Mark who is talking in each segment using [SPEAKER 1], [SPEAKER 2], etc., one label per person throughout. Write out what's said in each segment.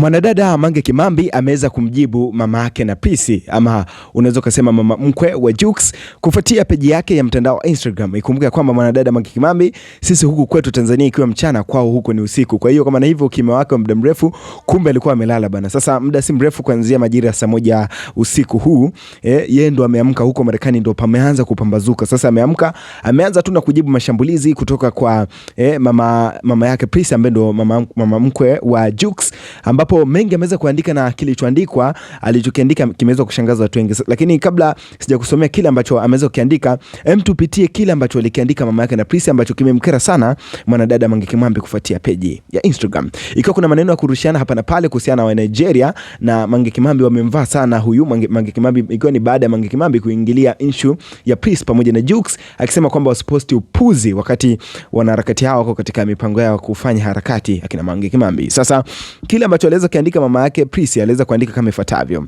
[SPEAKER 1] Mwanadada Mange Kimambi ameweza kumjibu mama yake na Napisi, ama unaweza ukasema mama mkwe wa Jux kufuatia peji yake ya mtandao wa Instagram. Ikumbuke kwamba mwanadada Mange Kimambi, sisi huku kwetu Tanzania ikiwa mchana, kwao huko ni usiku. Kwa hiyo kama na hivyo ukimya wake wa muda mrefu, kumbe alikuwa amelala bana. Sasa muda si mrefu, kuanzia majira ya saa moja usiku huu eh, yeye ndo ameamka huko Marekani, ndo pameanza kupambazuka. Sasa ameamka, ameanza tu na kujibu mashambulizi kutoka kwa eh, mama mama yake Pris ambaye ndo mama, mama mkwe wa Jux ambapo ambapo mengi ameweza kuandika na kilichoandikwa alichokiandika kimeweza kushangaza watu wengi. Lakini kabla sijakusomea kile ambacho ameweza kukiandika, hem tupitie kile ambacho alikiandika mama yake na Prisi ambacho kimemkera sana mwanadada Mange Kimambi kufuatia peji ya Instagram. Ikiwa kuna maneno ya kurushiana hapa na pale kuhusiana na Nigeria na Mange Kimambi wamemvaa sana huyu Mange, Mange Kimambi ikiwa ni baada ya Mange Kimambi kuingilia issue ya Prisi pamoja na Jux akisema kwamba wasiposti upuzi wakati wanaharakati hao wako katika mipango yao kufanya harakati akina Mange Kimambi. Sasa kile ambacho aliweza kuandika mama yake Prisi aliweza kuandika kama ifuatavyo: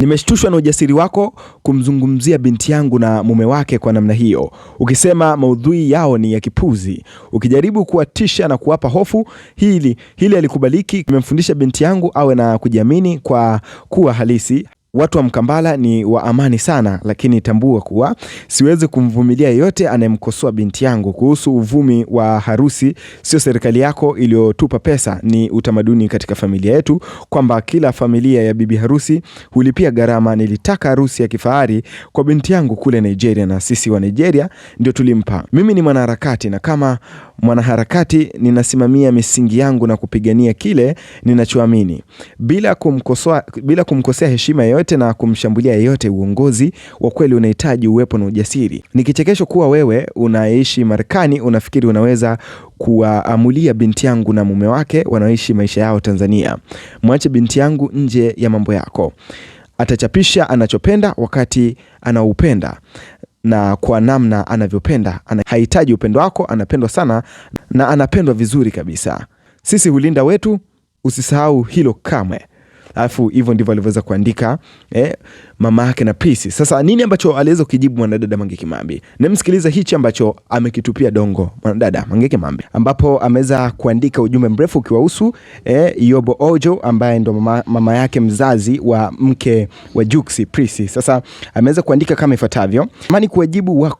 [SPEAKER 1] nimeshtushwa na ujasiri wako kumzungumzia binti yangu na mume wake kwa namna hiyo, ukisema maudhui yao ni ya kipuzi, ukijaribu kuwatisha na kuwapa hofu. Hili hili alikubaliki. Nimemfundisha binti yangu awe na kujiamini kwa kuwa halisi watu wa Mkambala ni wa amani sana, lakini tambua kuwa siwezi kumvumilia yeyote anayemkosoa binti yangu kuhusu uvumi wa harusi. Sio serikali yako iliyotupa pesa, ni utamaduni katika familia yetu kwamba kila familia ya bibi harusi hulipia gharama. Nilitaka harusi ya kifahari kwa binti yangu kule Nigeria, na sisi wa Nigeria ndio tulimpa. Mimi ni mwanaharakati na kama mwanaharakati ninasimamia misingi yangu na kupigania kile ninachoamini bila kumkosoa, bila kumkosea heshima yoyote na kumshambulia yeyote. Uongozi wa kweli unahitaji uwepo na ujasiri. Ni kichekesho kuwa wewe unaishi Marekani unafikiri unaweza kuwaamulia binti yangu na mume wake wanaoishi maisha yao Tanzania. Mwache binti yangu nje ya mambo yako. Atachapisha anachopenda wakati anaupenda na kwa namna anavyopenda. Ana, hahitaji upendo wako, anapendwa sana na anapendwa vizuri kabisa. Sisi hulinda wetu, usisahau hilo kamwe alafu hivyo ndivyo alivyoweza kuandika eh, mama yake na pisi. Sasa nini ambacho aliweza kujibu mwanadada Mange Kimambi? Namsikiliza hichi ambacho amekitupia dongo mwanadada Mange Kimambi, ambapo ameweza kuandika ujumbe mrefu ukiwahusu eh, Yobo Ojo ambaye ndo mama, mama yake mzazi wa mke wa Juksi Prisi. Sasa ameweza kuandika kama ifuatavyo: amani kuwajibu wako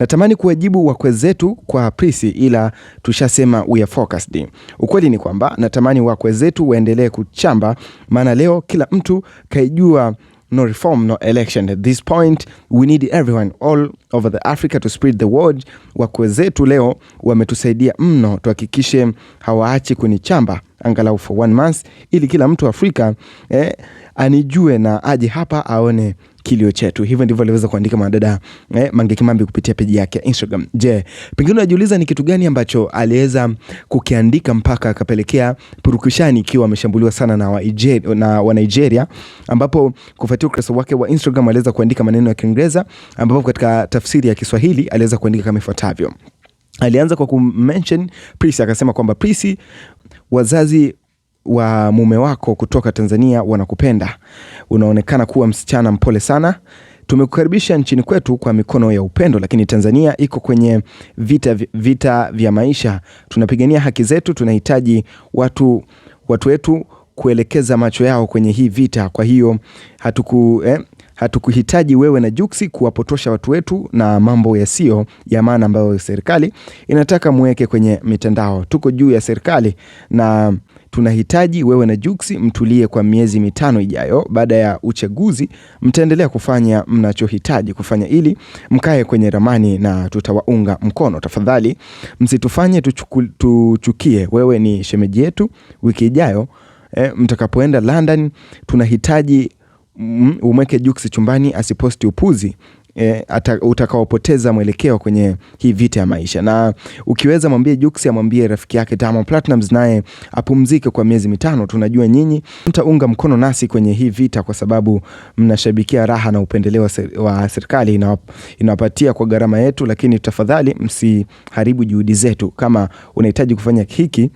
[SPEAKER 1] Natamani kuwajibu wakwe zetu kwa Prisi, ila tushasema we are focused. Ukweli ni kwamba natamani wakwe zetu waendelee kuchamba, maana leo kila mtu kaijua no reform no election at this point we need everyone all over the Africa to spread the word. Wakwe zetu leo wametusaidia mno, tuhakikishe hawaachi kunichamba angalau for one month, ili kila mtu Afrika eh, anijue na aje hapa aone kilio chetu. Hivyo ndivyo aliweza kuandika mwanadada eh, Mange Kimambi kupitia peji yake ya Instagram. Je, pengine unajiuliza ni kitu gani ambacho aliweza kukiandika mpaka akapelekea purukushani ikiwa ameshambuliwa sana na wa, na wa Nigeria ambapo kufuatia ukurasa wake wa Instagram aliweza kuandika maneno ya Kiingereza ambapo katika tafsiri ya Kiswahili aliweza kuandika kama ifuatavyo. Alianza kwa kumention Prisi akasema kwamba Prisi, wazazi wa mume wako kutoka Tanzania wanakupenda. Unaonekana kuwa msichana mpole sana. Tumekukaribisha nchini kwetu kwa mikono ya upendo, lakini Tanzania iko kwenye vita, vita vya maisha. Tunapigania haki zetu, tunahitaji watu, watu wetu kuelekeza macho yao kwenye hii vita. Kwa hiyo hatuku eh, hatukuhitaji wewe na Juksi kuwapotosha watu wetu na mambo yasiyo ya maana ambayo serikali inataka muweke kwenye mitandao. Tuko juu ya serikali na tunahitaji wewe na Juksi mtulie kwa miezi mitano ijayo. Baada ya uchaguzi, mtaendelea kufanya mnachohitaji kufanya ili mkae kwenye ramani na tutawaunga mkono. Tafadhali msitufanye tuchukie. Wewe ni shemeji yetu. Wiki ijayo eh, mtakapoenda London tunahitaji mm, umweke Juksi chumbani asiposti upuzi eh, utakaopoteza mwelekeo kwenye hii vita ya maisha. Na ukiweza mwambie Jux, amwambie rafiki yake Diamond Platnumz naye apumzike kwa miezi mitano. Tunajua nyinyi mtaunga mkono nasi kwenye hii vita, kwa sababu mnashabikia raha na upendeleo wa serikali inawapatia kwa gharama yetu, lakini tafadhali msiharibu juhudi zetu. Kama unahitaji kufanya hiki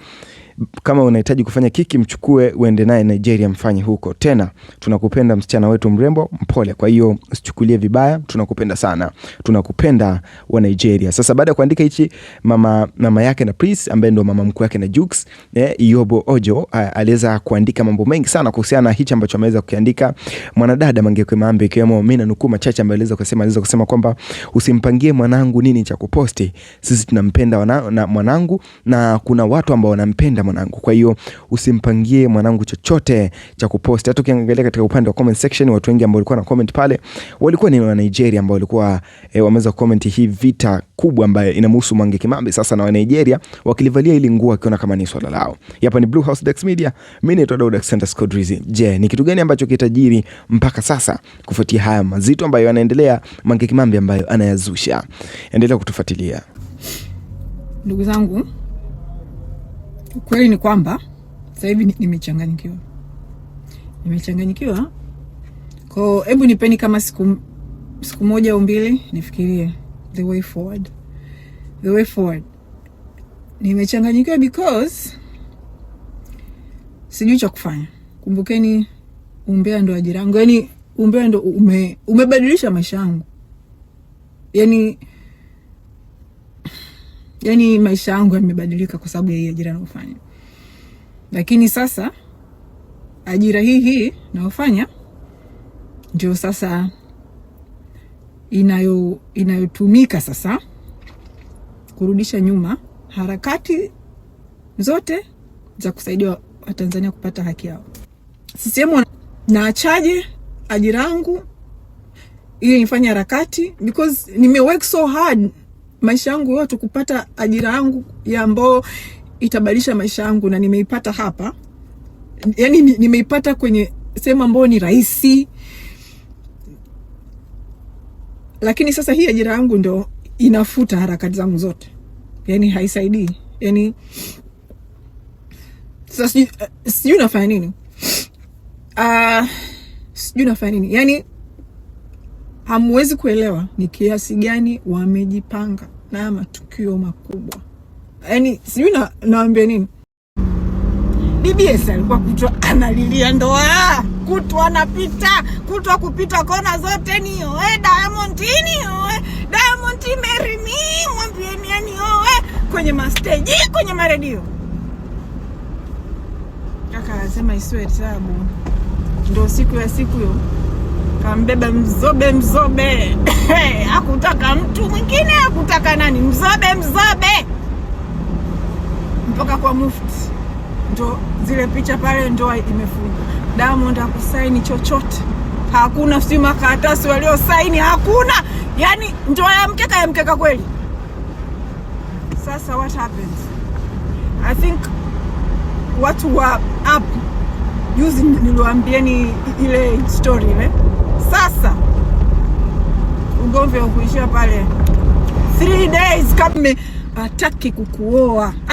[SPEAKER 1] kama unahitaji kufanya kiki, mchukue uende naye Nigeria, mfanye huko. Tena tunakupenda msichana wetu mrembo, mpole, kwa hiyo usichukulie vibaya, tunakupenda sana, tunakupenda wa Nigeria. Sasa baada ya kuandika hichi, mama mama yake na pris ambaye ndo mama mkuu yake na Jux eh, Iyobo Ojo aliweza kuandika mambo mengi sana kuhusiana na hichi ambacho ameweza kukiandika mwanadada Mange Kimambi, ikiwemo mimi na nukuu machache ambayo aliweza kusema. Aliweza kusema kwamba usimpangie mwanangu nini cha kuposti, sisi tunampenda na mwanangu na kuna watu ambao wanampenda mwanangu. Kwa hiyo usimpangie mwanangu chochote cha kupost. Hata ukiangalia katika upande wa comment section, watu wengi ambao walikuwa na comment pale walikuwa ni wa Nigeria ambao walikuwa e, wameweza comment hii vita kubwa ambayo inamhusu Mange Kimambi sasa na wa Nigeria wakilivalia ili nguo akiona kama ni swala lao. Hapa ni Blue House Dax Media. Mimi naitwa Center Scott Rizzi. Je, ni kitu gani ambacho kitajiri mpaka sasa kufuatia haya mazito ambayo yanaendelea Mange Kimambi ambayo anayazusha? Endelea kutufuatilia.
[SPEAKER 2] Ndugu zangu Ukweli ni kwamba sasa hivi nimechanganyikiwa, nimechanganyikiwa ko, hebu nipeni kama siku, siku moja au mbili nifikirie the way forward, the way forward. Nimechanganyikiwa because sijui cha kufanya. Kumbukeni, umbea ndo ajira yangu, yani umbea ndo ume, umebadilisha maisha yangu yani yani maisha yangu yamebadilika kwa sababu ya hii ajira nayofanya. Lakini sasa ajira hii hii nayofanya ndio sasa inayo inayotumika sasa kurudisha nyuma harakati zote za kusaidia Watanzania kupata haki yao. Sisehemu naachaje ajira yangu ili nifanye harakati because nime work so hard maisha yangu yote kupata ajira yangu ya ambayo itabadilisha maisha yangu, na nimeipata hapa, yani nimeipata kwenye sehemu ambayo ni rahisi. Lakini sasa hii ajira yangu ndo inafuta harakati zangu zote, yani haisaidii, yani sasa eh, sijui nafanya nini, uh, sijui nafanya nini yani Hamwezi kuelewa ni kiasi gani wamejipanga na matukio makubwa, yaani sijui na, naambia nini. BBS alikuwa kutwa analilia ndoa, kutwa anapita, kutwa kupita kona zote, nioe oe Diamond, nioe oe Diamond marry me, mwambieni yani oe kwenye masteji, kwenye maredio. Kaka anasema isiwe tabu, ndo siku ya siku hiyo akambeba mzobe mzobe akutaka mtu mwingine akutaka nani, mzobe mzobe mpaka kwa mufti, ndo zile picha pale, ndoa imefunga. Diamond hakusaini chochote, hakuna si makaratasi waliosaini, hakuna yani ndoa ya mkeka ya mkeka kweli. Sasa what happens? I think watu wa app using niliwaambieni ile story ile eh? Sasa ugomvi wa kuishia pale, 3 days kama hataki kukuoa.